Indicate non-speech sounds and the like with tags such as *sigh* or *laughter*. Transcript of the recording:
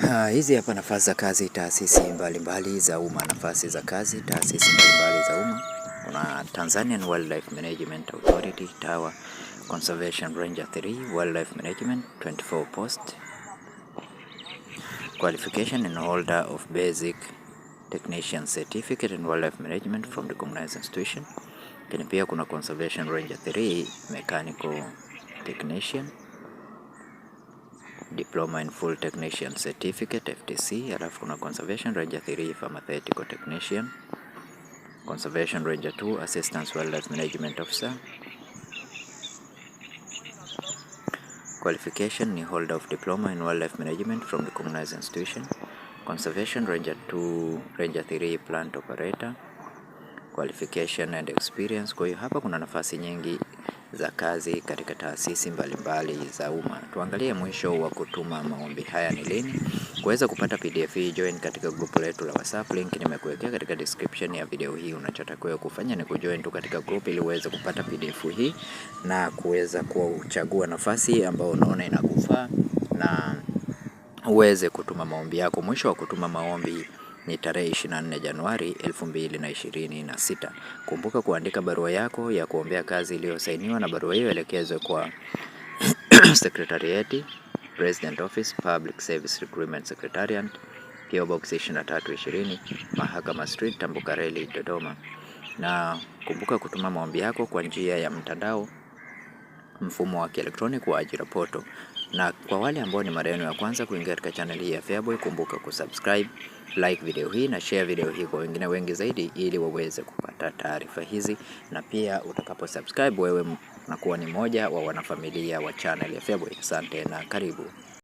Ha, hizi hapa nafasi za kazi taasisi mbalimbali za umma. Nafasi za kazi taasisi mbalimbali za umma, kuna Tanzanian Wildlife Management Authority TAWA, Conservation Ranger 3, Wildlife Management 24 post. Qualification and holder of basic technician certificate in wildlife management from the recognized institution. Lakini pia kuna Conservation Ranger 3 mechanical technician diploma in full technician certificate FTC, alafu kuna conservation ranger 3 pharmaceutical technician, conservation ranger 2 assistant wildlife management officer. Qualification ni holder of diploma in wildlife management from the recognized institution. Conservation ranger 2, ranger 3 plant operator qualification and experience. Kwa hiyo hapa kuna nafasi nyingi za kazi katika taasisi mbalimbali za umma. Tuangalie mwisho wa kutuma maombi haya ni lini. Kuweza kupata PDF hii, join katika grupu letu la WhatsApp, link nimekuwekea katika description ya video hii. Unachotakiwa kufanya ni kujoin tu katika grupu ili uweze kupata PDF hii na kuweza kuchagua nafasi ambayo unaona inakufaa na uweze kutuma maombi yako. Mwisho wa kutuma maombi ni tarehe 24 Januari 2026. Kumbuka kuandika barua yako ya kuombea kazi iliyosainiwa na barua hiyo elekezwe kwa *clears throat* Secretariat, President Office, Public Service Recruitment Secretariat, PO Box 2320, Mahakama Street, Tambukareli, Dodoma. Na kumbuka kutuma maombi yako kwa njia ya mtandao mfumo wa kielektroniki wa ajira poto na kwa wale ambao ni mara yenu ya kwanza kuingia katika channel hii ya Feaboy, kumbuka kusubscribe, like video hii na share video hii kwa wengine wengi zaidi, ili waweze kupata taarifa hizi, na pia utakapo subscribe wewe unakuwa ni moja wa wanafamilia wa channel ya Feaboy. Asante na karibu.